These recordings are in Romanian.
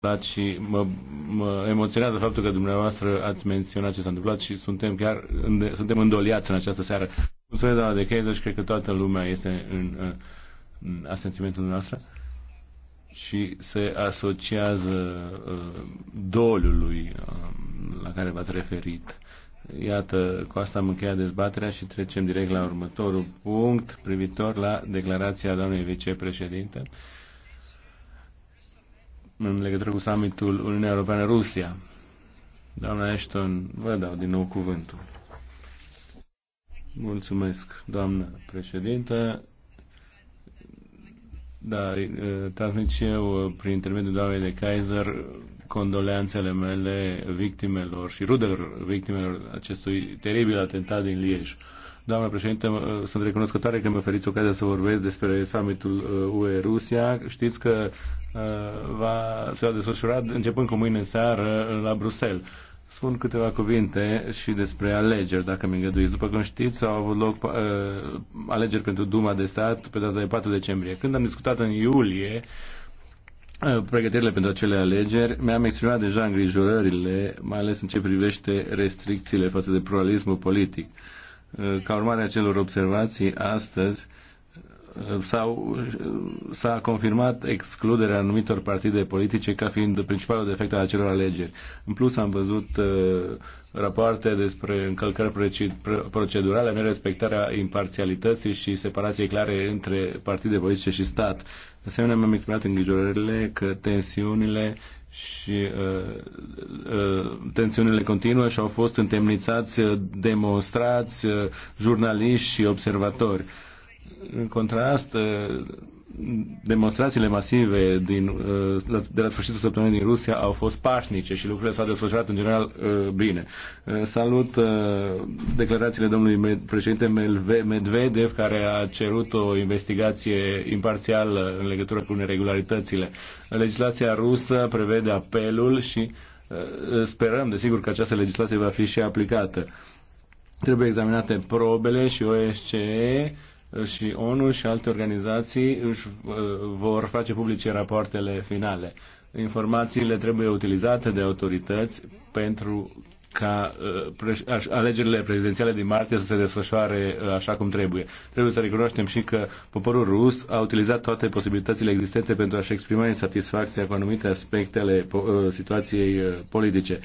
întâmplat și mă, mă emoționează faptul că dumneavoastră ați menționat ce s-a întâmplat și suntem chiar înde, suntem îndoliați în această seară. Mulțumesc, doamna de Cheidă, și deci cred că toată lumea este în, în asentimentul noastră și se asociază uh, dolului uh, la care v-ați referit. Iată, cu asta am încheiat dezbaterea și trecem direct la următorul punct privitor la declarația doamnei vicepreședinte în legătură cu summitul Uniunea Europeană-Rusia. Doamna Ashton, vă dau din nou cuvântul. Mulțumesc, doamnă președintă. Da, transmit și eu, prin intermediul doamnei de Kaiser, condoleanțele mele victimelor și rudelor victimelor acestui teribil atentat din Liege. Doamna președinte, sunt recunoscătoare că mi oferit ocazia să vorbesc despre summitul UE-Rusia. Uh, știți că uh, va, se va desfășura începând cu mâine seară la Bruxelles. Spun câteva cuvinte și despre alegeri, dacă mi îngăduiți. După cum știți, au avut loc uh, alegeri pentru Duma de Stat pe data de 4 decembrie. Când am discutat în iulie uh, pregătirile pentru acele alegeri, mi-am exprimat deja îngrijorările, mai ales în ce privește restricțiile față de pluralismul politic. Uh, ca urmare a celor observații, astăzi s-au, s-a confirmat excluderea anumitor partide politice ca fiind principalul defect al acelor alegeri. În plus am văzut uh, rapoarte despre încălcări procedurale, nerespectarea imparțialității și separației clare între partide politice și stat. De asemenea, mi-am exprimat îngrijorările că tensiunile și uh, uh, tensiunile continuă și au fost întemnițați uh, demonstrați, uh, jurnaliști și observatori. În contrast, uh, demonstrațiile masive din, uh, de la sfârșitul săptămânii din Rusia au fost pașnice și lucrurile s-au desfășurat în general uh, bine. Uh, salut declarațiile domnului președinte Medvedev care a cerut o investigație imparțială în legătură cu neregularitățile. Legislația rusă prevede apelul și sperăm, desigur, că această legislație va fi și aplicată. Trebuie examinate probele și OSCE și ONU și alte organizații își uh, vor face publice rapoartele finale. Informațiile trebuie utilizate de autorități pentru ca uh, alegerile prezidențiale din martie să se desfășoare uh, așa cum trebuie. Trebuie să recunoaștem și că poporul rus a utilizat toate posibilitățile existente pentru a-și exprima insatisfacția cu anumite aspecte ale situației politice.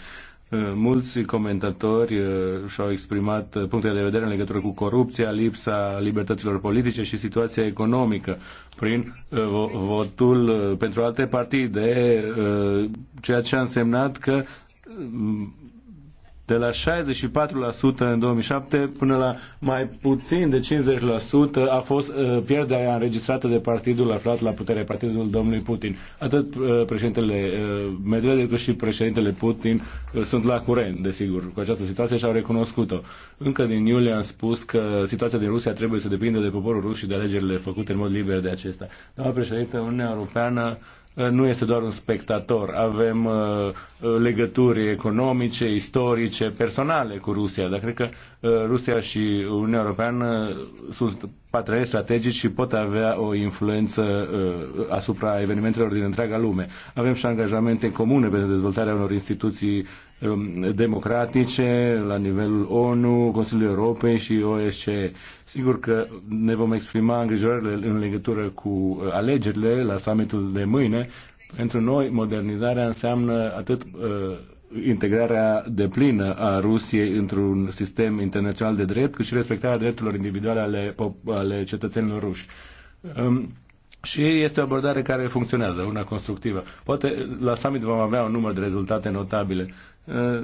Uh, mulți comentatori uh, și-au exprimat uh, punctele de vedere în legătură cu corupția, lipsa libertăților politice și situația economică prin votul pentru alte partide, ceea ce a însemnat că mm, de la 64% în 2007 până la mai puțin de 50% a fost uh, pierderea înregistrată de partidul aflat la putere, partidul domnului Putin. Atât uh, președintele uh, Medvedev cât și președintele Putin sunt la curent, desigur, cu această situație și au recunoscut-o. Încă din iulie am spus că situația din Rusia trebuie să depindă de poporul rus și de alegerile făcute în mod liber de acesta. Doamna președinte, Uniunea Europeană Uh, nu este doar un spectator. Avem uh, uh, legături economice, istorice, personale cu Rusia, dar cred că Rusia și Uniunea Europeană sunt parteneri strategici și pot avea o influență asupra evenimentelor din întreaga lume. Avem și angajamente comune pentru dezvoltarea unor instituții Um, democratice la nivelul ONU, Consiliul Europei și OSCE. Sigur că ne vom exprima îngrijorările în legătură cu uh, alegerile la summitul de mâine. Pentru noi, modernizarea înseamnă atât uh, integrarea deplină a Rusiei într-un sistem internațional de drept, cât și respectarea drepturilor individuale ale, ale cetățenilor ruși. Um, și este o abordare care funcționează, una constructivă. Poate la summit vom avea un număr de rezultate notabile Uh,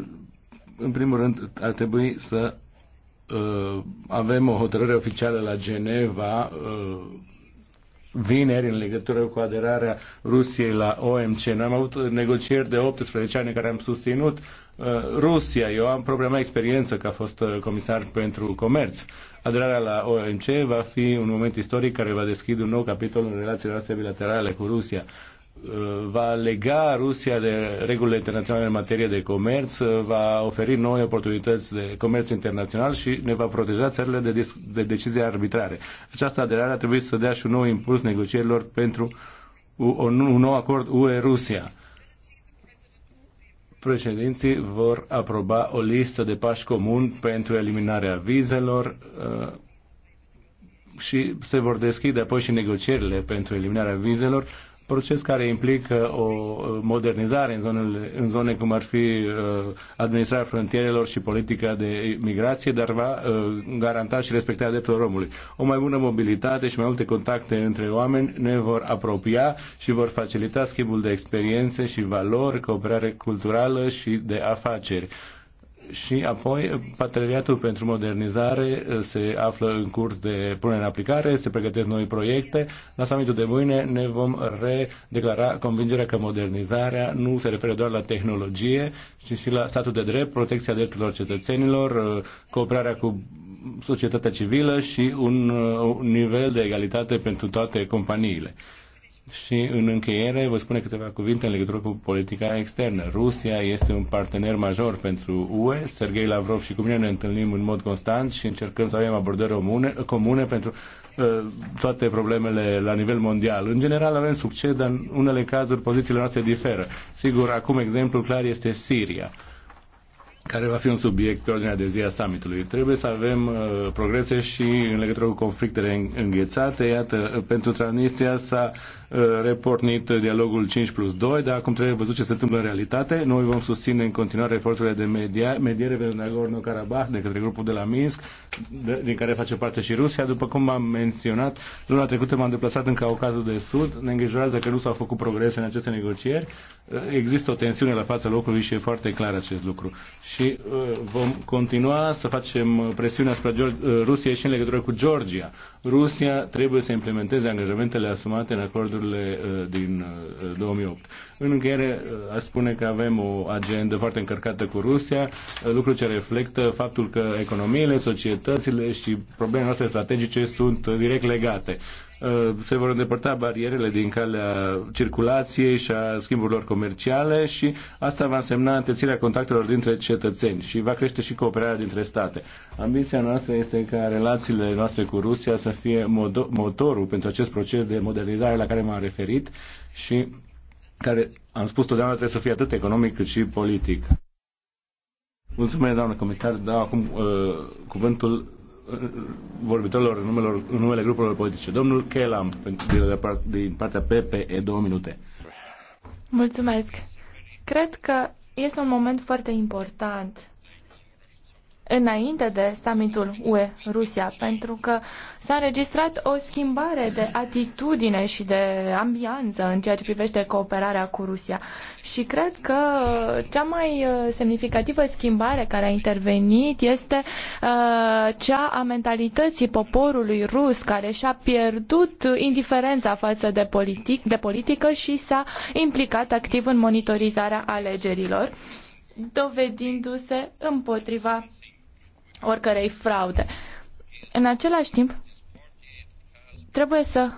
în primul rând, ar trebui să uh, avem o hotărâre oficială la Geneva uh, vineri în legătură cu aderarea Rusiei la OMC. Noi am avut negocieri de 18 ani în care am susținut Rusia. Eu am propria mea experiență a fost comisar pentru comerț. Aderarea la OMC va fi un moment istoric care va deschide un nou capitol în relațiile noastre bilaterale cu Rusia. Uh, va lega Rusia de regulile internaționale în materie de comerț, uh, va oferi noi oportunități de comerț internațional și ne va proteja țările de, de decizii arbitrare. Această aderare a trebuit să dea și un nou impuls negocierilor pentru un, un nou acord UE-Rusia. Președinții vor aproba o listă de pași comun pentru eliminarea vizelor, uh, și se vor deschide apoi și negocierile pentru eliminarea vizelor proces care implică o uh, modernizare în, zonele, în zone cum ar fi uh, administrarea frontierelor și politica de migrație, dar va uh, garanta și respectarea drepturilor omului. O mai bună mobilitate și mai multe contacte între oameni ne vor apropia și vor facilita schimbul de experiențe și valori, cooperare culturală și de afaceri și apoi Parteneriatul pentru Modernizare eh, se află în curs de punere în aplicare, se pregătesc noi proiecte. La summitul de mâine ne vom redeclara convingerea că modernizarea nu se referă doar la tehnologie, ci și la statul de drept, protecția drepturilor cetățenilor, eh, cooperarea cu societatea civilă și eh, un nivel de egalitate pentru toate companiile. Și în încheiere vă spune câteva cuvinte în legătură cu politica externă. Rusia este un partener major pentru UE. Sergei Lavrov și cu mine ne întâlnim în mod constant și încercăm să avem abordări comune, comune pentru uh, toate problemele la nivel mondial. În general avem succes, dar în unele cazuri pozițiile noastre diferă. Sigur, acum exemplul clar este Siria. Uh, care va fi un subiect pe ordinea de zi a summitului. Trebuie să avem uh, progrese și în legătură cu conflictele înghețate. Iată, uh, pentru Transnistria s-a uh, repornit dialogul 5 plus 2, dar acum trebuie văzut ce se întâmplă în realitate. Noi vom susține în continuare eforturile de media, mediere pentru Nagorno-Karabakh de către grupul de la Minsk, de, din care face parte și Rusia. După cum am menționat, luna trecută m-am deplasat în Caucazul de Sud. Ne îngrijorează că nu s-au făcut progrese în aceste negocieri. Uh, există o tensiune la fața locului și e foarte clar acest lucru. Și și uh, vom continua să facem presiune asupra uh, Rusiei și în legătură cu Georgia. Rusia trebuie să implementeze angajamentele asumate în acordurile uh, din 2008. În încheiere, aș spune că avem o agendă foarte încărcată cu Rusia, lucru ce reflectă faptul că economiile, societățile și problemele noastre strategice sunt direct legate. Uh, se vor îndepărta barierele din calea circulației și a schimburilor comerciale și asta va însemna întățirea contactelor dintre cetățeni și va crește și cooperarea dintre state. Ambiția noastră este ca relațiile noastre cu Rusia să fie motorul pentru acest proces de modernizare la care m-am referit și care, am spus totdeauna, trebuie să fie atât economic cât și politic. Mulțumesc, doamnă comisar. Dau acum uh, cuvântul vorbitorilor în, numelor, în numele grupurilor politice. Domnul Kelam, din partea PPE, două minute. Mulțumesc. Cred că este un moment foarte important înainte de summitul UE-Rusia, pentru că s-a înregistrat o schimbare de atitudine și de ambianță în ceea ce privește cooperarea cu Rusia. Și cred că cea mai uh, semnificativă schimbare care a intervenit este uh, cea a mentalității poporului rus, care și-a pierdut indiferența față de, politic, de politică și s-a implicat activ în monitorizarea alegerilor dovedindu-se împotriva oricărei fraude. În același timp, trebuie să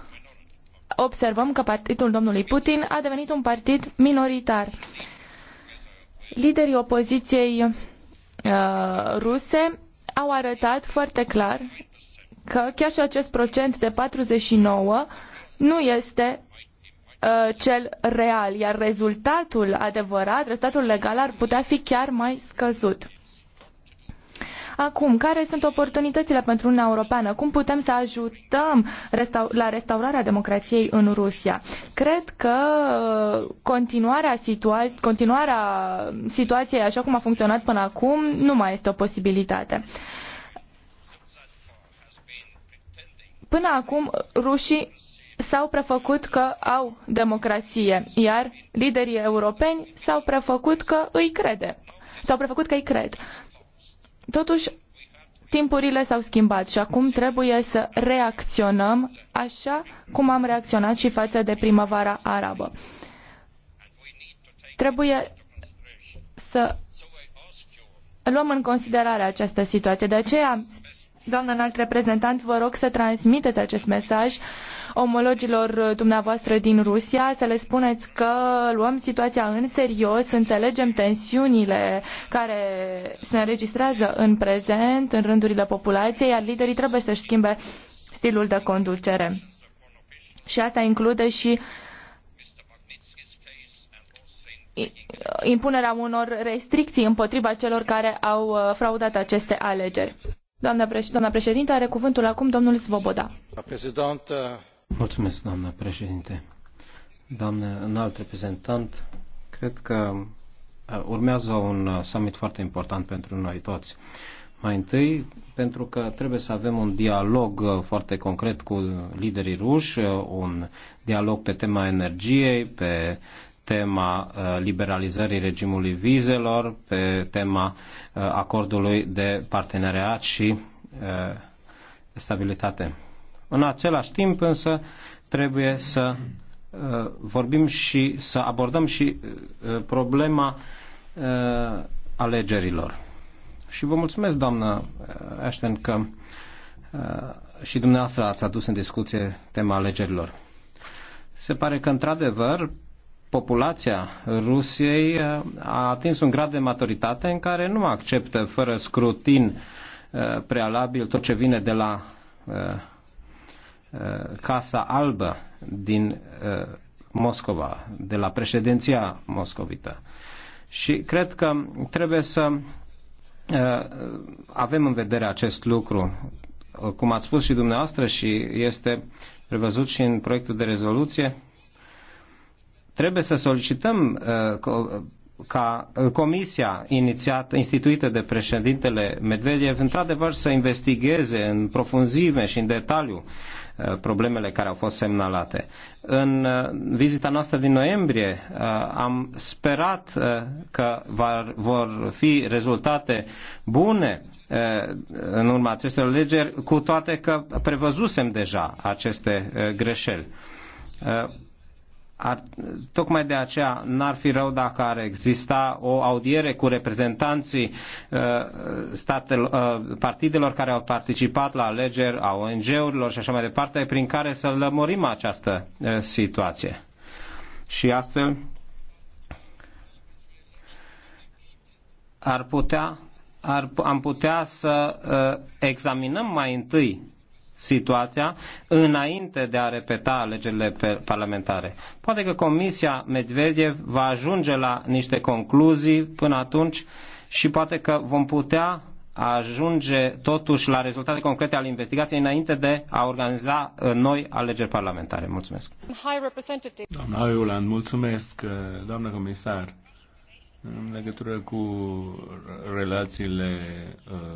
observăm că partidul domnului Putin a devenit un partid minoritar. Liderii opoziției uh, ruse au arătat foarte clar că chiar și acest procent de 49 nu este uh, cel real, iar rezultatul adevărat, rezultatul legal ar putea fi chiar mai scăzut. Acum, care sunt oportunitățile pentru Uniunea Europeană? Cum putem să ajutăm restau- la restaurarea democrației în Rusia? Cred că uh, continuarea, situa- continuarea situației așa cum a funcționat până acum nu mai este o posibilitate. Până acum, rușii s-au prefăcut că au democrație, iar liderii europeni s-au prefăcut că îi crede. S-au prefăcut că îi cred. Totuși, timpurile s-au schimbat și acum trebuie să reacționăm așa cum am reacționat și față de primăvara arabă. Trebuie să luăm în considerare această situație. De aceea, doamnă înalt reprezentant, vă rog să transmiteți acest mesaj uh, omologilor dumneavoastră din Rusia, să le spuneți că luăm situația în serios, înțelegem tensiunile care se înregistrează în prezent în rândurile populației, iar liderii trebuie să-și schimbe stilul de conducere. Și asta include și impunerea unor restricții împotriva celor care au uh, fraudat aceste alegeri. Doamna, președintă, are cuvântul acum domnul Svoboda. Mulțumesc, doamnă președinte. Doamnă înalt reprezentant, cred că uh, urmează un uh, summit foarte important pentru noi toți. Mai întâi, pentru că trebuie să avem un dialog uh, foarte concret cu liderii ruși, un dialog pe tema energiei, pe tema liberalizării regimului vizelor, pe tema acordului de parteneriat și stabilitate. În același timp însă trebuie să uh, vorbim și să abordăm și uh, problema uh, alegerilor. Și vă mulțumesc, doamnă Ashton, că și dumneavoastră ați adus în discuție tema alegerilor. Se pare că, într-adevăr, populația Rusiei a atins un grad de maturitate în care nu acceptă fără scrutin prealabil tot ce vine de la Uh, Casa Albă din uh, Moscova, de la președinția moscovită. Și cred că trebuie să uh, avem în vedere acest lucru, cum ați spus și dumneavoastră și este prevăzut și în proiectul de rezoluție, trebuie să solicităm ca uh, comisia inițiată, instituită de președintele Medvedev, într-adevăr să investigheze în profunzime și în detaliu uh, problemele care au fost semnalate. În uh, vizita noastră din noiembrie am sperat că vor fi rezultate bune în urma acestor legeri, cu toate că prevăzusem deja aceste greșeli ar, tocmai de aceea n-ar fi rău dacă ar exista o audiere cu reprezentanții uh, statel, uh, partidelor care au participat la alegeri, a ONG-urilor și așa mai departe, prin care să lămurim această uh, situație. Și astfel ar putea, ar, am putea să uh, examinăm mai întâi situația înainte de a repeta alegerile parlamentare. Poate că Comisia Medvedev va ajunge la niște concluzii până atunci și poate că vom putea ajunge totuși la rezultate concrete ale investigației înainte de a organiza uh, noi alegeri parlamentare. Mulțumesc. Doamna Iulan, mulțumesc, uh, doamnă comisar. În legătură cu relațiile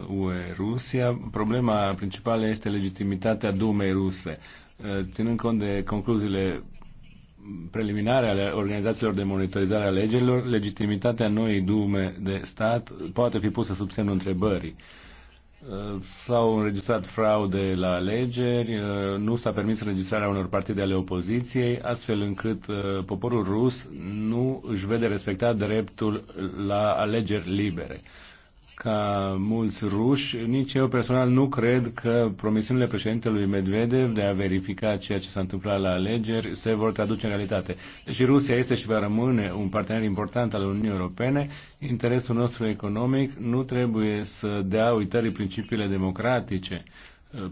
uh, UE-Rusia. Problema principală este legitimitatea Dumei ruse. Uh, ținând cont de concluziile preliminare ale organizațiilor de monitorizare a legilor, legitimitatea noii dume de stat poate fi pusă sub semnul întrebării. Uh, s-au înregistrat fraude la alegeri, uh, nu s-a permis înregistrarea unor partide ale opoziției, astfel încât uh, poporul rus nu își vede respectat dreptul la alegeri libere ca mulți ruși, nici eu personal nu cred că promisiunile președintelui Medvedev de a verifica ceea ce s-a întâmplat la alegeri se vor traduce în realitate. Și deci Rusia este și va rămâne un partener important al Uniunii Europene. Interesul nostru economic nu trebuie să dea uitării principiile democratice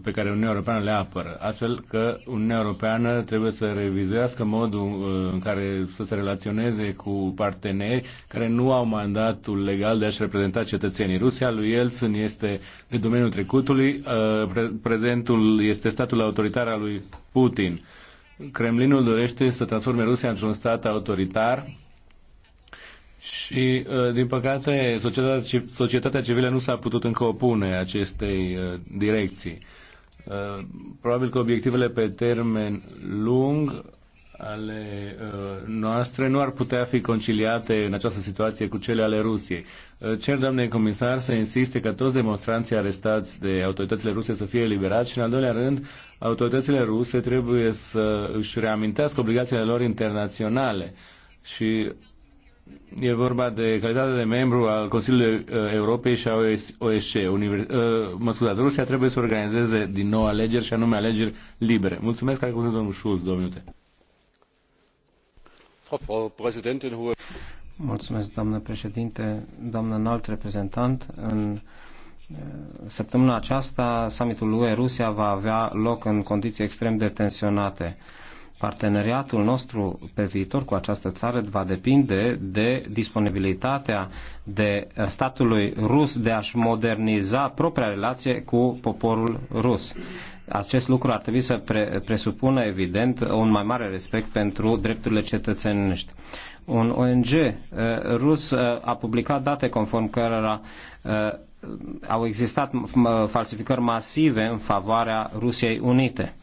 pe care Uniunea Europeană le apără. Astfel că Uniunea Europeană trebuie să revizuiască modul uh, în care să se relaționeze cu parteneri care nu au mandatul legal de a-și reprezenta cetățenii. Rusia lui Elțin este de domeniul trecutului, uh, prezentul este statul autoritar al lui Putin. Kremlinul dorește să transforme Rusia într-un stat autoritar și, uh, din păcate, societatea, civilă nu s-a putut încă opune acestei uh, direcții. Uh, probabil că obiectivele pe termen lung ale noastre nu ar putea fi conciliate în această situație cu cele ale Rusiei. Cer, doamne comisar, să insiste că toți demonstranții arestați de autoritățile ruse să fie eliberați și, în al doilea rând, autoritățile ruse trebuie să își reamintească obligațiile lor internaționale și E vorba de calitatea de membru al Consiliului uh, Europei și a OSCE. Univers... Uh, mă scuzați, Rusia trebuie să organizeze din nou alegeri și anume alegeri libere. Mulțumesc, că ai cuvântul domnul Schulz, două minute. Mulțumesc, doamnă președinte, doamnă înalt reprezentant. În uh, săptămâna aceasta, summitul UE-Rusia va avea loc în condiții extrem de tensionate Parteneriatul nostru pe viitor cu această țară va depinde de disponibilitatea de statului rus de a-și moderniza propria relație cu poporul rus. Acest lucru ar trebui să pre- presupună, evident, un mai mare respect pentru drepturile cetățenești un ONG uh, rus uh, a publicat date conform cărora uh, au existat falsificări masive în favoarea Rusiei Unite. Uh,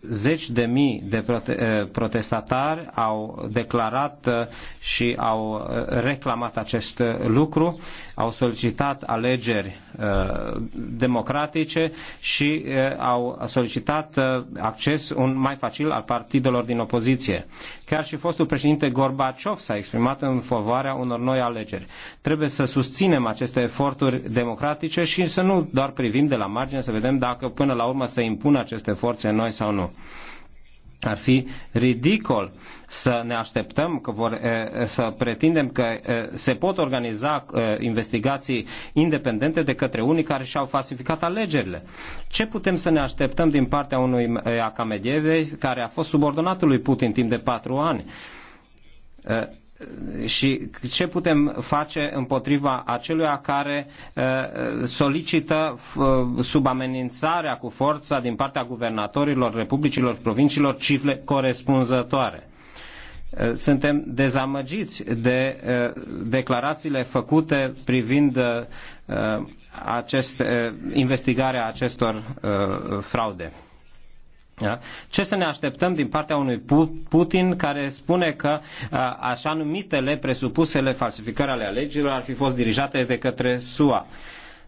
zeci de mii de eh, protestatari au declarat eh, și au eh, reclamat acest lucru, au solicitat alegeri democratice și au solicitat acces un mai facil al partidelor din opoziție. Chiar și fostul președinte Gorbaciov s-a exprimat în favoarea unor noi alegeri. Trebuie să susținem aceste eforturi democratice și să nu doar privim de la margine să vedem dacă până la urmă se impun aceste forțe noi sau nu. Ar fi ridicol să ne așteptăm că vor, să pretindem că se pot organiza investigații independente de către unii care și-au falsificat alegerile. Ce putem să ne așteptăm din partea unui Akamedievei care a fost subordonatul lui Putin timp de patru ani? și ce putem face împotriva aceluia care uh, solicită uh, sub amenințarea cu forța din partea guvernatorilor, republicilor, provinciilor cifre corespunzătoare. Uh, suntem dezamăgiți de declarațiile făcute privind acest, investigarea acestor fraude. Da? Ce să ne așteptăm din partea unui Putin care spune că așa numitele presupusele falsificări ale alegerilor ar fi fost dirijate de către SUA?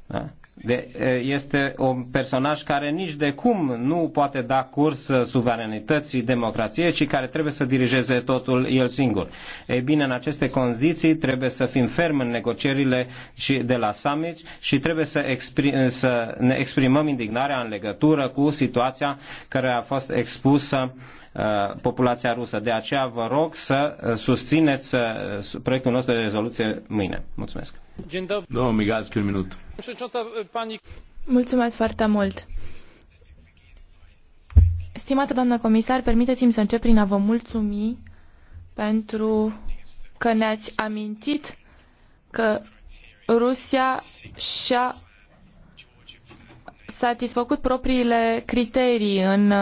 Da? De, este un personaj care nici de cum nu poate da curs suveranității democrației, ci care trebuie să dirigeze totul el singur. Ei bine, în aceste condiții trebuie să fim ferm în negocierile și de la summit și trebuie să, exprim, să ne exprimăm indignarea în legătură cu situația care a fost expusă uh, Uh, populația rusă. De aceea vă rog să uh, susțineți uh, proiectul nostru de rezoluție mâine. Mulțumesc. Domnul Migalski, un minut. Mulțumesc foarte mult. Stimată doamnă comisar, permiteți-mi să încep prin a vă mulțumi pentru că ne-ați amintit că Rusia și-a satisfăcut propriile criterii în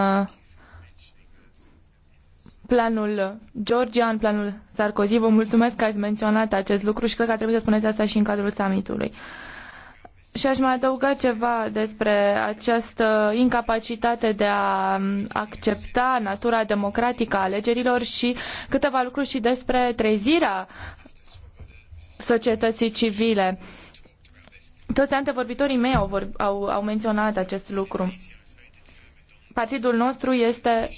planul Georgian, planul Sarkozy. Vă mulțumesc că ați menționat acest lucru și cred că trebuie să spuneți asta și în cadrul summitului. Și aș mai adăuga ceva despre această incapacitate de a accepta natura democratică a alegerilor și câteva lucruri și despre trezirea societății civile. Toți antevorbitorii mei au, vorb- au, au menționat acest lucru. Partidul nostru este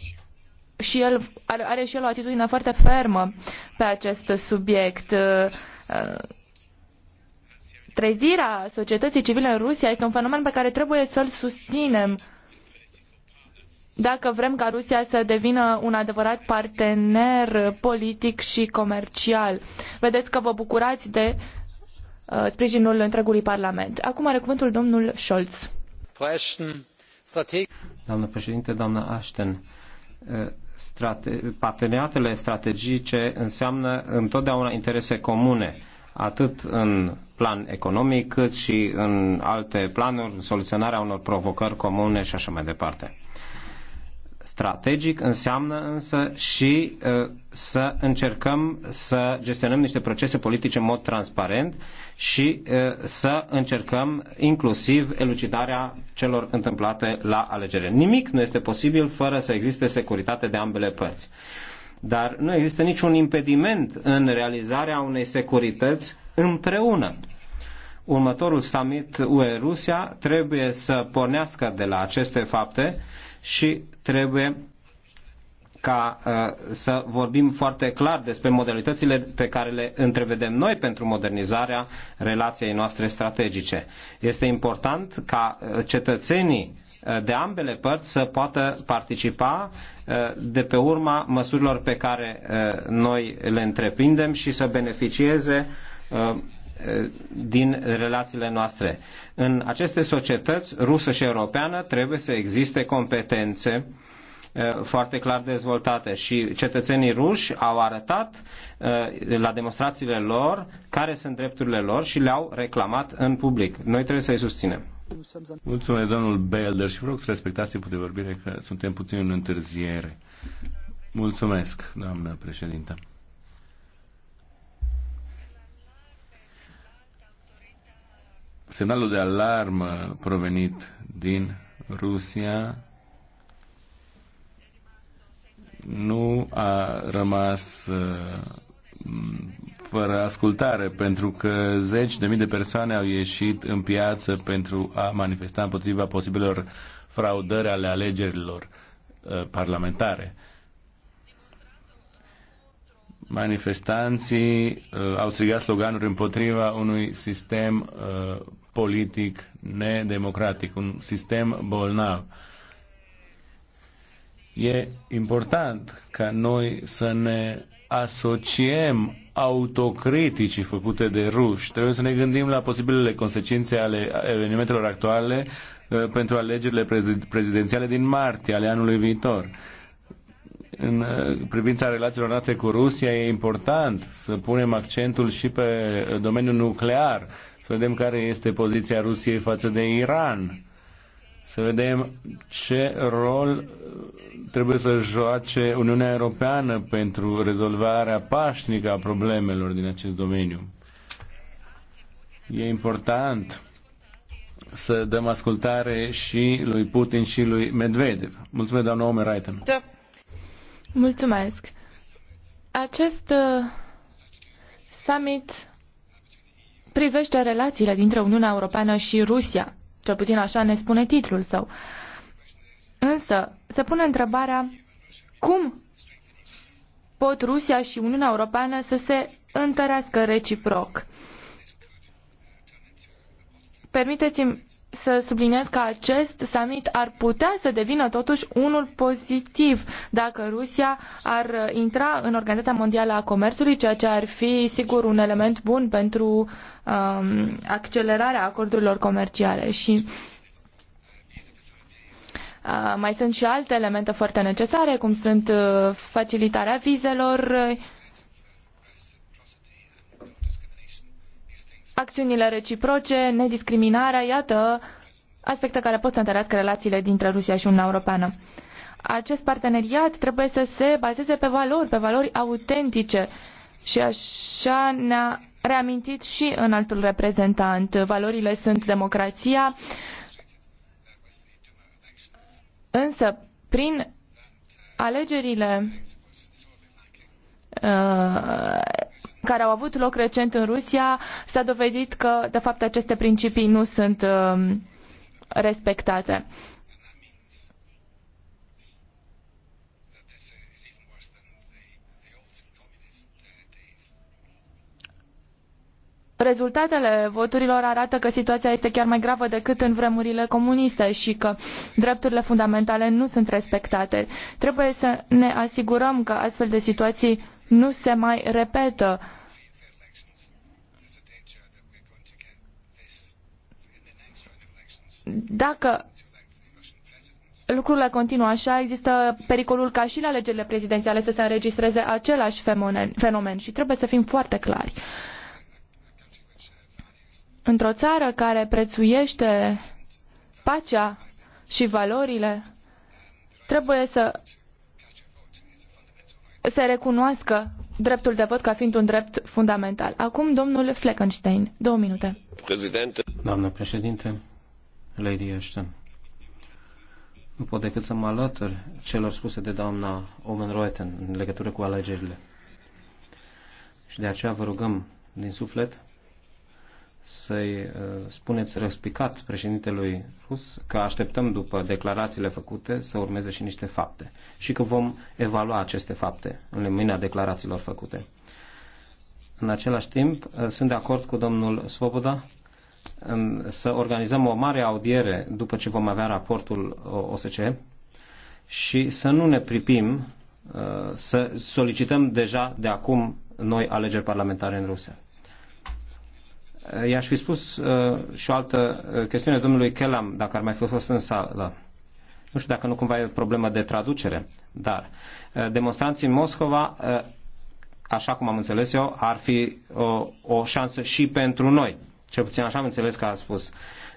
și el are, are și el o atitudine foarte fermă pe acest subiect. Uh, uh, trezirea societății civile în Rusia este un fenomen pe care trebuie să-l susținem dacă vrem ca Rusia să devină un adevărat partener politic și comercial. Vedeți că vă bucurați de uh, sprijinul întregului Parlament. Acum are cuvântul domnul Scholz. Doamnă președinte, doamnă Ashton, uh, strate- parteneriatele strategice înseamnă întotdeauna interese comune, atât în plan economic, cât și în alte planuri, în soluționarea unor provocări comune și așa mai departe strategic înseamnă însă și uh, să încercăm să gestionăm niște procese politice în mod transparent și uh, să încercăm inclusiv elucidarea celor întâmplate la alegere. Nimic nu este posibil fără să existe securitate de ambele părți. Dar nu există niciun impediment în realizarea unei securități împreună următorul summit UE-Rusia trebuie să pornească de la aceste fapte și trebuie ca uh, să vorbim foarte clar despre modalitățile pe care le întrevedem noi pentru modernizarea relației noastre strategice. Este important ca uh, cetățenii uh, de ambele părți să poată participa de pe urma măsurilor pe care noi le întreprindem și să beneficieze din relațiile noastre. În aceste societăți rusă și europeană trebuie să existe competențe uh, foarte clar dezvoltate și cetățenii ruși au arătat uh, la demonstrațiile lor care sunt drepturile lor și le-au reclamat în public. Noi trebuie să-i susținem. Mulțumesc, domnul Belder, și vă rog să respectați de vorbire, că suntem puțin în întârziere. Mulțumesc, doamnă președintă. semnalul de alarmă provenit din Rusia nu a rămas uh, fără ascultare, pentru că zeci de mii de persoane au ieșit în piață pentru a manifesta împotriva posibilor fraudări ale alegerilor uh, parlamentare. Manifestanții uh, au strigat sloganuri împotriva unui sistem politic nedemocratic, un sistem bolnav. E important ca noi să ne asociem autocriticii făcute de ruși. Trebuie să ne gândim la posibilele consecințe ale evenimentelor actuale uh, pentru alegerile prezidențiale din martie ale anului viitor. În uh, privința relațiilor noastre cu Rusia e important să punem accentul și pe domeniul nuclear să vedem care este poziția Rusiei față de Iran, să vedem ce rol trebuie să joace Uniunea Europeană pentru rezolvarea pașnică a problemelor din acest domeniu. E important să dăm ascultare și lui Putin și lui Medvedev. Mulțumesc, doamna Omer Reiten. Da. Mulțumesc. Acest uh, summit privește relațiile dintre Uniunea Europeană și Rusia. Cel puțin așa ne spune titlul său. Însă, se pune întrebarea cum pot Rusia și Uniunea Europeană să se întărească reciproc. Permiteți-mi să subliniez că acest summit ar putea să devină totuși unul pozitiv dacă Rusia ar intra în Organizația Mondială a Comerțului, ceea ce ar fi sigur un element bun pentru um, accelerarea acordurilor comerciale și uh, mai sunt și alte elemente foarte necesare, cum sunt uh, facilitarea vizelor, uh, acțiunile reciproce, nediscriminarea, iată aspecte care pot să întărească relațiile dintre Rusia și Uniunea Europeană. Acest parteneriat trebuie să se bazeze pe valori, pe valori autentice și așa ne-a reamintit și în altul reprezentant. Valorile sunt democrația, însă prin alegerile uh, care au avut loc recent în Rusia, s-a dovedit că, de fapt, aceste principii nu sunt um, respectate. Rezultatele voturilor arată că situația este chiar mai gravă decât în vremurile comuniste și că drepturile fundamentale nu sunt respectate. Trebuie să ne asigurăm că astfel de situații nu se mai repetă. Dacă lucrurile continuă așa, există pericolul ca și la alegerile prezidențiale să se înregistreze același fenomen și trebuie să fim foarte clari. Într-o țară care prețuiește pacea și valorile, trebuie să se recunoască dreptul de vot ca fiind un drept fundamental. Acum, domnul Fleckenstein, două minute. Președinte. Doamnă președinte, Lady Ashton, nu pot decât să mă alătur celor spuse de doamna Owen Reuten în legătură cu alegerile. Și de aceea vă rugăm din suflet să-i uh, spuneți răspicat președintelui rus că așteptăm după declarațiile făcute să urmeze și niște fapte și că vom evalua aceste fapte în lumina declarațiilor făcute. În același timp, uh, sunt de acord cu domnul Svoboda să organizăm o mare audiere după ce vom avea raportul uh, OSCE și să nu ne pripim să solicităm deja de acum noi alegeri parlamentare în Rusia. Eh, i-aș fi spus uh, și o altă eh, chestiune domnului Kelam, dacă ar mai fi fost în sală. Nu știu dacă nu cumva e o problemă de traducere, dar uh, demonstranții în Moscova, uh, așa cum am înțeles eu, ar fi o, o șansă și pentru noi. Cel puțin așa am înțeles că a spus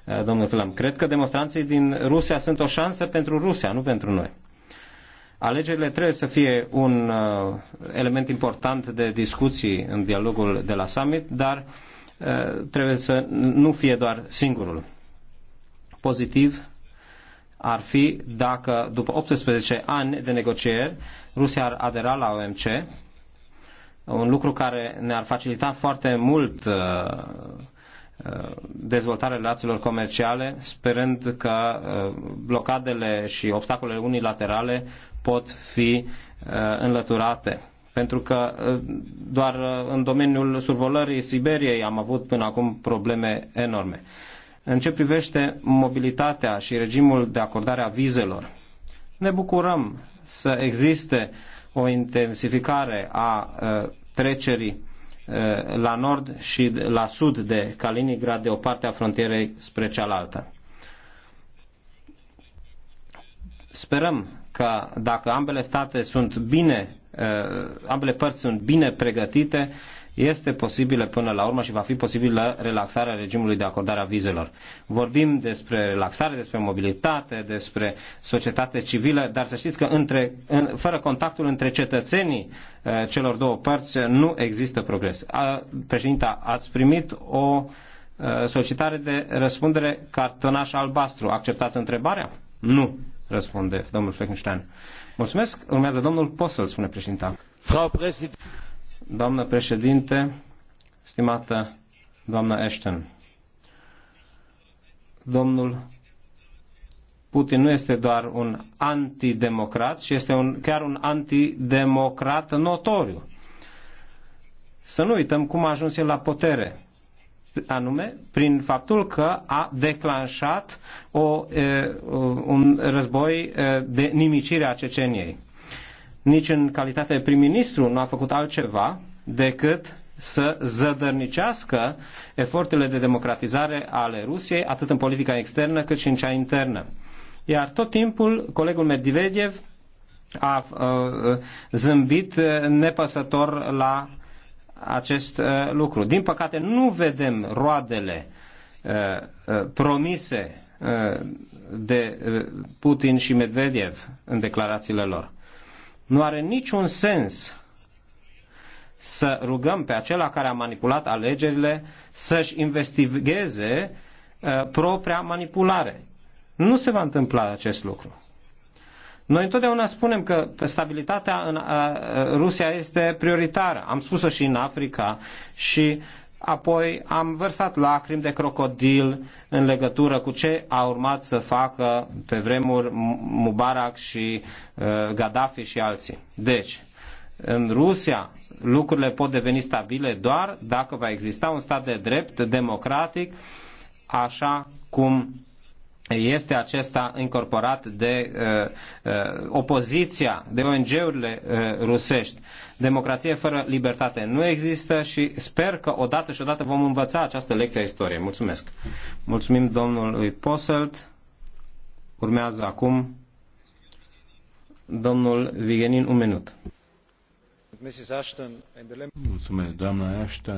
uh, domnul Kelam. Cred că demonstranții din Rusia sunt o șansă pentru Rusia, nu pentru noi. Alegerile trebuie să fie un uh, element important de discuții în dialogul de la summit, dar uh, Eh, trebuie să nu fie doar singurul. Pozitiv ar fi dacă după 18 ani de negocieri Rusia ar adera la OMC, un lucru care ne-ar facilita foarte mult eh, eh, dezvoltarea relațiilor comerciale, sperând că blocadele și obstacolele unilaterale pot fi înlăturate pentru că ă, doar ă, în domeniul survolării Siberiei am avut până acum probleme enorme. În ce privește mobilitatea și regimul de acordare a vizelor, ne bucurăm să existe o intensificare a ă, trecerii la nord și la sud de Kaliningrad, de o parte a frontierei spre cealaltă. Sperăm că dacă ambele state sunt bine Eh, ambele părți sunt bine pregătite, este posibilă până la urmă și va fi posibilă relaxarea regimului de acordare a vizelor. Vorbim despre relaxare, despre mobilitate, despre societate civilă, dar să știți că între, în, fără contactul între cetățenii eh, celor două părți nu există progres. A, președinta, ați primit o eh, solicitare de răspundere cartonaș albastru. Acceptați întrebarea? Nu răspunde domnul Fleckenstein. Mulțumesc. Urmează domnul Posel, spune președinta. Frau președinte. Doamnă președinte, stimată doamnă Ashton, domnul Putin nu este doar un antidemocrat, ci este un, chiar un antidemocrat notoriu. Să nu uităm cum a ajuns el la putere anume prin faptul că a declanșat o, un război de nimicire a Ceceniei. Nici în calitate de prim-ministru nu a făcut altceva decât să zădărnicească eforturile de democratizare ale Rusiei, atât în politica externă cât și în cea internă. Iar tot timpul colegul Medvedev a, a, a zâmbit nepăsător la acest uh, lucru. Din păcate nu vedem roadele uh, uh, promise de Putin și Medvedev în declarațiile lor. Nu are niciun sens să rugăm pe acela care a manipulat alegerile să-și investigheze propria manipulare. Nu se va întâmpla acest lucru. Noi întotdeauna spunem că stabilitatea în Rusia este prioritară. Am spus-o și în Africa și apoi am vărsat lacrimi de crocodil în legătură cu ce a urmat să facă pe vremuri Mubarak și uh, Gaddafi și alții. Deci, în Rusia lucrurile pot deveni stabile doar dacă va exista un stat de drept democratic, așa cum este acesta incorporat de uh, uh opoziția, de ONG-urile uh, rusești. Democrație fără libertate nu există și sper că odată și odată vom învăța această lecție a istoriei. Mulțumesc. Mulțumim domnului Poselt. Urmează acum domnul Vigenin un minut.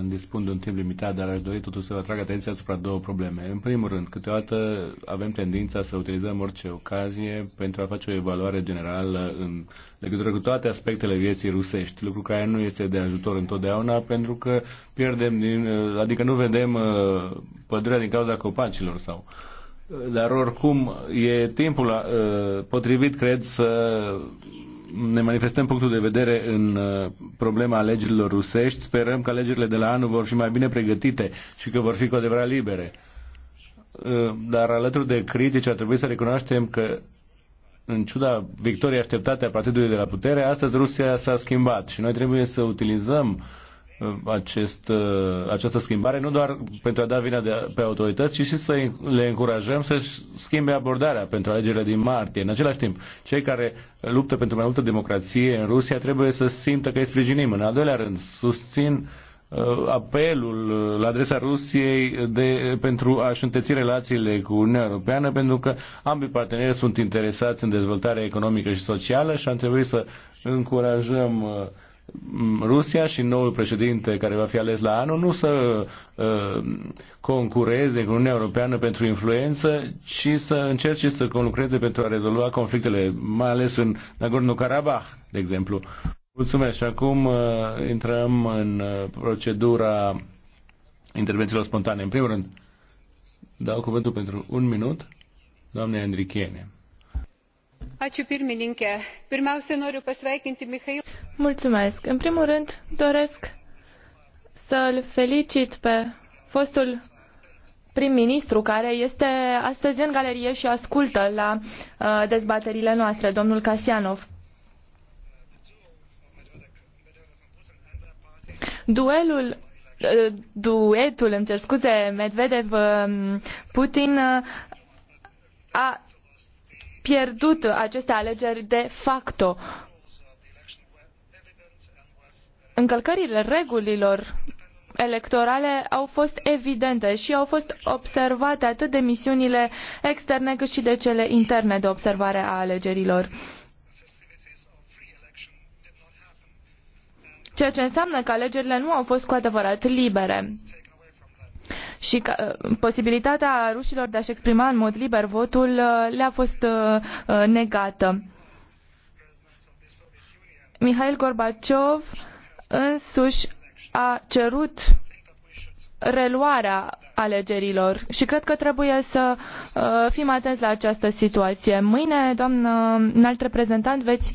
Dispun de un timp limitat, dar aș dori totuși să vă atrag atenția asupra două probleme. În primul rând, câteodată avem tendința să utilizăm orice ocazie pentru a face o evaluare generală în legătură cu toate aspectele vieții rusești, lucru care nu este de ajutor întotdeauna pentru că pierdem din, adică nu vedem uh, pădurea din cauza copacilor sau uh, dar oricum e timpul uh, potrivit, cred, să ne manifestăm punctul de vedere în uh, problema alegerilor rusești. Sperăm că alegerile de la anul vor fi mai bine pregătite și că vor fi cu adevărat libere. Uh, dar alături de critici ar trebui să recunoaștem că în ciuda victoriei așteptate a partidului de la putere, astăzi Rusia s-a schimbat și noi trebuie să utilizăm uh, Uh, acest, uh, această schimbare, nu doar pentru a da vina de, pe autorități, ci și să le încurajăm să-și schimbe abordarea pentru alegerile din martie. În același timp, cei care luptă pentru mai multă democrație în Rusia trebuie să simtă că îi sprijinim. În al doilea rând, susțin uh, apelul la adresa Rusiei de, pentru a-și întăți relațiile cu Uniunea Europeană, pentru că ambii parteneri sunt interesați în dezvoltarea economică și socială și am trebuit să încurajăm uh, Mm, Rusia și noul președinte care va fi ales la anul nu să uh, concureze cu Uniunea Europeană pentru influență, ci să încerce să conlucreze pentru a rezolva conflictele, mai ales în Nagorno-Karabakh, de exemplu. Mulțumesc și acum uh, intrăm în uh, procedura intervențiilor spontane. În primul rând, dau cuvântul pentru un minut doamnei Andrichene. Mulțumesc. În primul rând, doresc să-l felicit pe fostul prim-ministru care este astăzi în galerie și ascultă la uh, dezbaterile noastre, domnul Casianov. Duelul uh, duetul, îmi cer scuze, Medvedev uh, Putin a pierdut aceste alegeri de facto. Încălcările regulilor electorale au fost evidente și au fost observate atât de misiunile externe cât și de cele interne de observare a alegerilor. Ceea ce înseamnă că alegerile nu au fost cu adevărat libere și uh, posibilitatea rușilor de a-și exprima în mod liber votul uh, le-a fost uh, negată. Mihail Gorbaciov însuși a cerut reluarea alegerilor și cred că trebuie să fim atenți la această situație. Mâine, doamnă înalt reprezentant, veți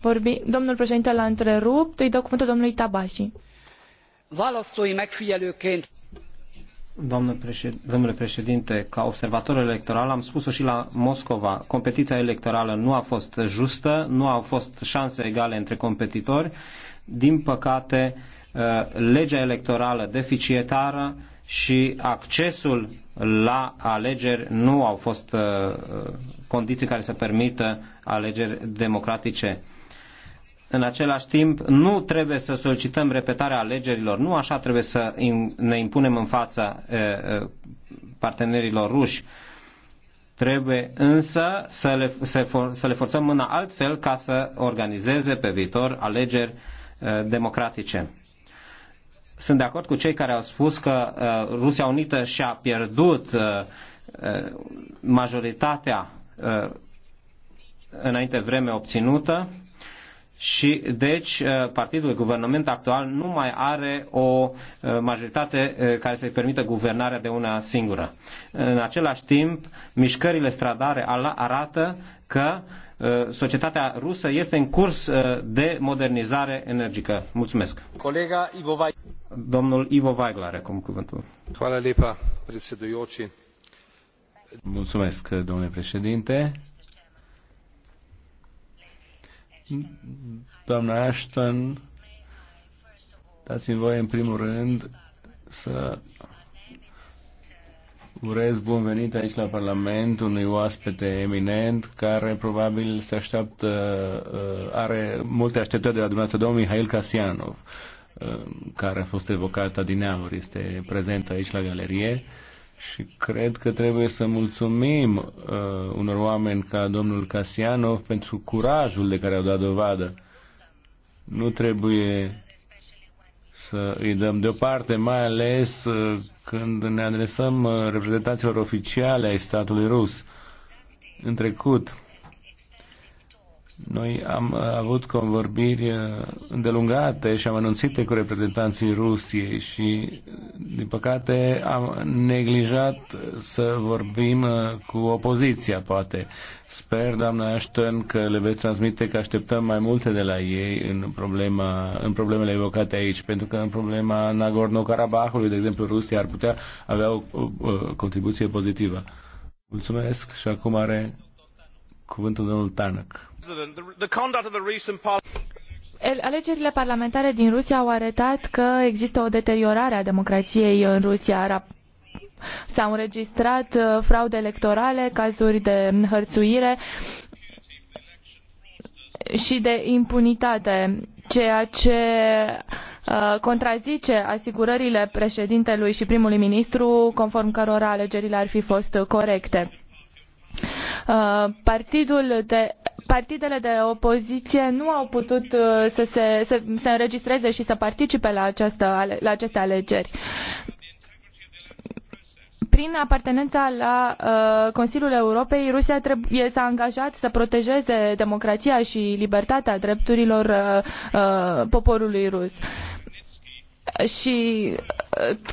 vorbi. Domnul președinte l-a întrerupt, îi dau cuvântul domnului Tabași. Domnule președinte, ca observator electoral am spus-o și la Moscova. Competiția electorală nu a fost justă, nu au fost șanse egale între competitori. Din păcate, uh, legea electorală deficitară și accesul la alegeri nu au fost uh, condiții care să permită alegeri democratice în același timp, nu trebuie să solicităm repetarea alegerilor, nu așa trebuie să ne impunem în fața partenerilor ruși. Trebuie însă să le, să, for, să le forțăm mâna altfel ca să organizeze pe viitor alegeri democratice. Sunt de acord cu cei care au spus că Rusia Unită și-a pierdut majoritatea înainte vreme obținută și deci uh, partidul guvernament actual nu mai are o uh, majoritate uh, care să-i permită guvernarea de una singură. În același timp, mișcările stradare arată că societatea rusă este în curs de modernizare energică. Mulțumesc. Colega Ivo Vai... Domnul Ivo Vaigla are acum cuvântul. Hvala lepa, Mulțumesc, domnule președinte. Doamna Ashton, dați-mi voie în primul rând să urez bun venit aici la Parlament unui oaspete eminent care probabil se așteaptă, uh, are multe așteptări de la dumneavoastră, domnul Mihail Casianov, uh, care a fost evocat adineauri, este prezent aici la galerie și cred că trebuie să mulțumim uh, unor oameni ca domnul Casianov pentru curajul de care au dat dovadă. Nu trebuie să îi dăm deoparte, mai ales uh, când ne adresăm uh, reprezentanților oficiale ai statului rus. În trecut, noi am uh, avut convorbiri uh, îndelungate și am anunțite cu reprezentanții Rusiei și, din păcate, am neglijat să vorbim uh, cu opoziția, poate. Sper, doamna Ashton, că le veți transmite că așteptăm mai multe de la ei în, problema, în problemele evocate aici, pentru că în problema Nagorno-Karabahului, de exemplu, Rusia ar putea avea o, o, o contribuție pozitivă. Mulțumesc și acum are cuvântul domnul Tanăc. Alegerile parlamentare din Rusia au arătat că există o deteriorare a democrației în Rusia. S-au înregistrat uh, fraude electorale, cazuri de hărțuire și de impunitate, ceea ce uh, contrazice asigurările președintelui și primului ministru conform cărora alegerile ar fi fost corecte. Uh, Partidul de partidele de opoziție nu au putut uh, să se, să se înregistreze și să participe la, această, la aceste alegeri prin apartenența la uh, Consiliul Europei, Rusia trebuie s-a angajat să protejeze democrația și libertatea drepturilor uh, uh, poporului rus și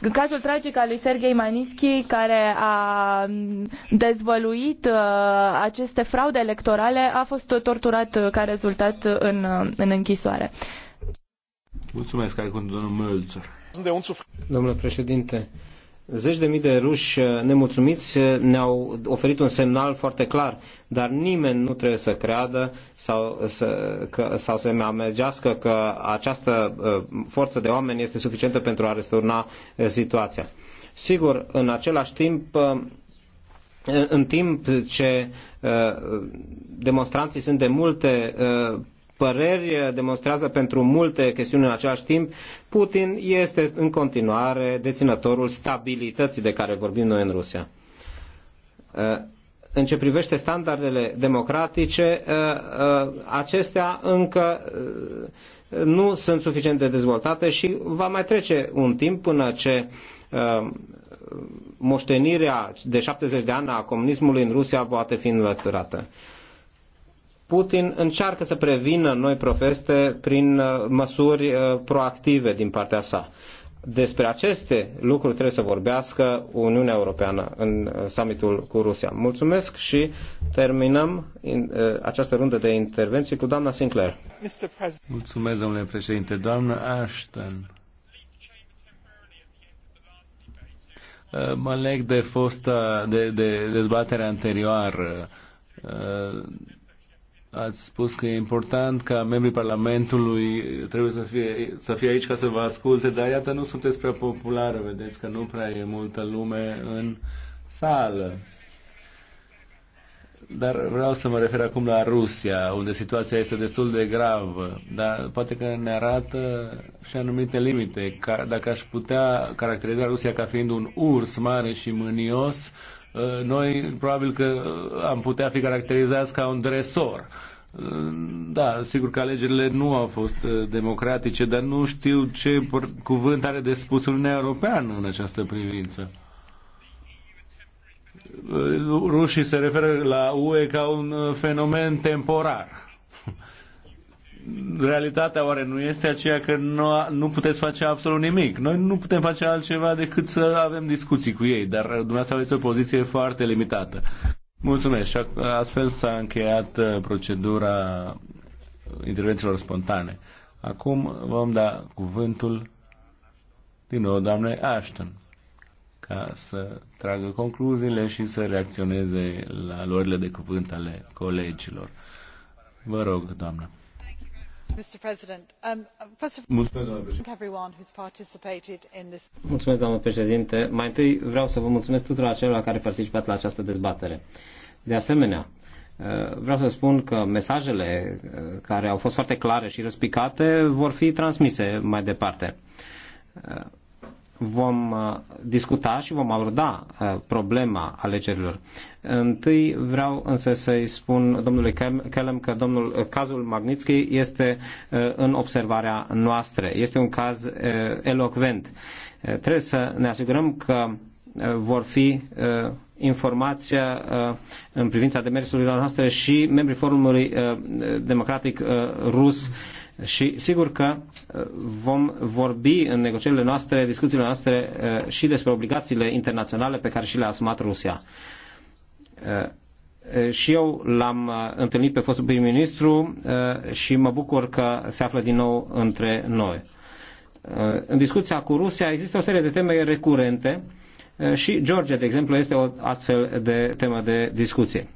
uh, cazul tragic al lui Sergei Manitski, care a um, dezvăluit uh, aceste fraude electorale, a fost torturat ca rezultat în, uh, în închisoare. Mulțumesc, care domnul Mölzer. Domnule președinte, Zeci de mii de ruși uh, nemulțumiți uh, ne-au oferit un semnal foarte clar, dar nimeni nu trebuie să creadă sau să, că, sau să amergească că această uh, forță de oameni este suficientă pentru a restaurna situația. Sigur, în același timp, în timp ce demonstranții sunt de multe păreri, eh, demonstrează pentru multe chestiuni în același timp, Putin este în continuare deținătorul stabilității de care vorbim noi în Rusia. Eh, în ce privește standardele democratice, eh, acestea încă nu sunt suficient de dezvoltate și va mai trece un timp până ce moștenirea de 70 de ani a comunismului în Rusia poate fi înlăturată. Putin încearcă să prevină noi proteste prin uh, măsuri uh, proactive din partea sa. Despre aceste lucruri trebuie să vorbească Uniunea Europeană în uh, summitul cu Rusia. Mulțumesc și terminăm această rundă de intervenții cu doamna Sinclair. Mulțumesc, domnule președinte. Doamna Ashton. Mă leg de fosta, de, de dezbaterea anterioară Ați spus că e important ca membrii Parlamentului trebuie să fie, să fie aici ca să vă asculte, dar iată nu sunteți prea populară, vedeți că nu prea e multă lume în sală. Dar vreau să mă refer acum la Rusia, unde situația este destul de gravă, dar poate că ne arată și anumite limite. dacă aș putea caracteriza Rusia ca fiind un urs mare și mânios, Uh, noi probabil că am putea fi caracterizați ca un dresor. Uh, da, sigur că alegerile nu au fost uh, democratice, dar nu știu ce cuvânt are de spus Uniunea Europeană în această privință. Rușii se referă la UE ca un fenomen temporar realitatea oare nu este aceea că nu, nu puteți face absolut nimic? Noi nu putem face altceva decât să avem discuții cu ei, dar dumneavoastră aveți o poziție foarte limitată. Mulțumesc. Și astfel s-a încheiat uh, procedura intervențiilor spontane. Acum vom da cuvântul din nou doamnei Ashton ca să tragă concluziile și să reacționeze la luările de cuvânt ale colegilor. Vă rog, doamnă. Mulțumesc, doamnă președinte. Mai întâi vreau să vă mulțumesc tuturor celor care au participat la această dezbatere. De asemenea, uh, vreau să spun că mesajele uh, care au fost foarte clare și răspicate vor fi transmise mai departe. Uh, vom uh, discuta și vom aborda uh, problema alegerilor. Întâi vreau însă să-i spun domnului Kellem că domnul, uh, cazul Magnitsky este în observarea noastră. Este un caz elocvent. Trebuie să ne asigurăm că vor fi informația în privința demersurilor noastre și membrii Forumului Democratic Rus și sigur că uh, vom vorbi în negocierile noastre, discuțiile noastre uh, și despre obligațiile internaționale pe care și le-a asumat Rusia. Uh, și eu l-am întâlnit pe fostul prim-ministru și mă bucur că se află din nou între noi. În discuția cu Rusia există o serie de teme recurente și Georgia, de exemplu, este o astfel de temă de discuție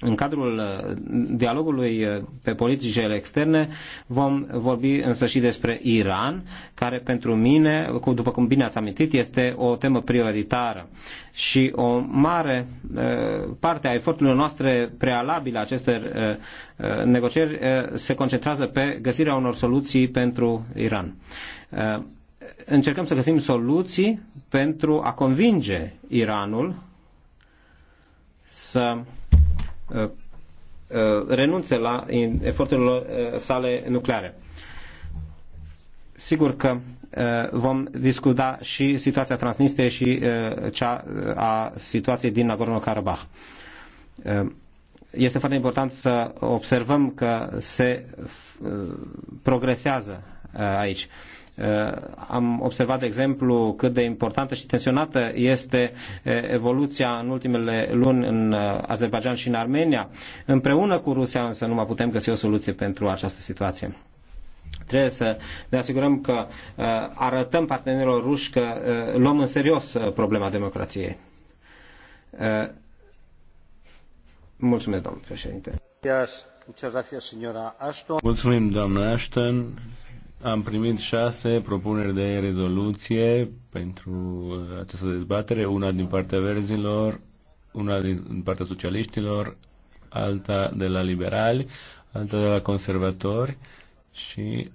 în cadrul uh, dialogului uh, pe politicile externe vom vorbi însă și despre Iran, care pentru mine, după cum bine ați amintit, este o temă prioritară. Și o mare uh, parte a eforturilor noastre prealabile acestor negocieri se concentrează pe găsirea unor soluții pentru Iran. Încercăm să găsim soluții pentru a convinge Iranul să Uh, uh, renunțe la eforturile uh, sale nucleare. Sigur că vom discuta și situația Transnistriei și cea a situației din Nagorno-Karabakh. Este foarte important să observăm că se progresează aici. Uh, am observat, de exemplu, cât de importantă și tensionată este uh, evoluția în ultimele luni în uh, Azerbaijan și în Armenia. Împreună cu Rusia însă nu mai putem găsi o soluție pentru această situație trebuie să ne asigurăm că arătăm partenerilor ruși că luăm în serios problema democrației. mulțumesc, domnule președinte. Mulțumim, doamnă Ashton. Am primit șase propuneri de rezoluție pentru uh, această dezbatere, una din partea verzilor, una din partea socialiștilor, alta de la liberali, alta de la conservatori și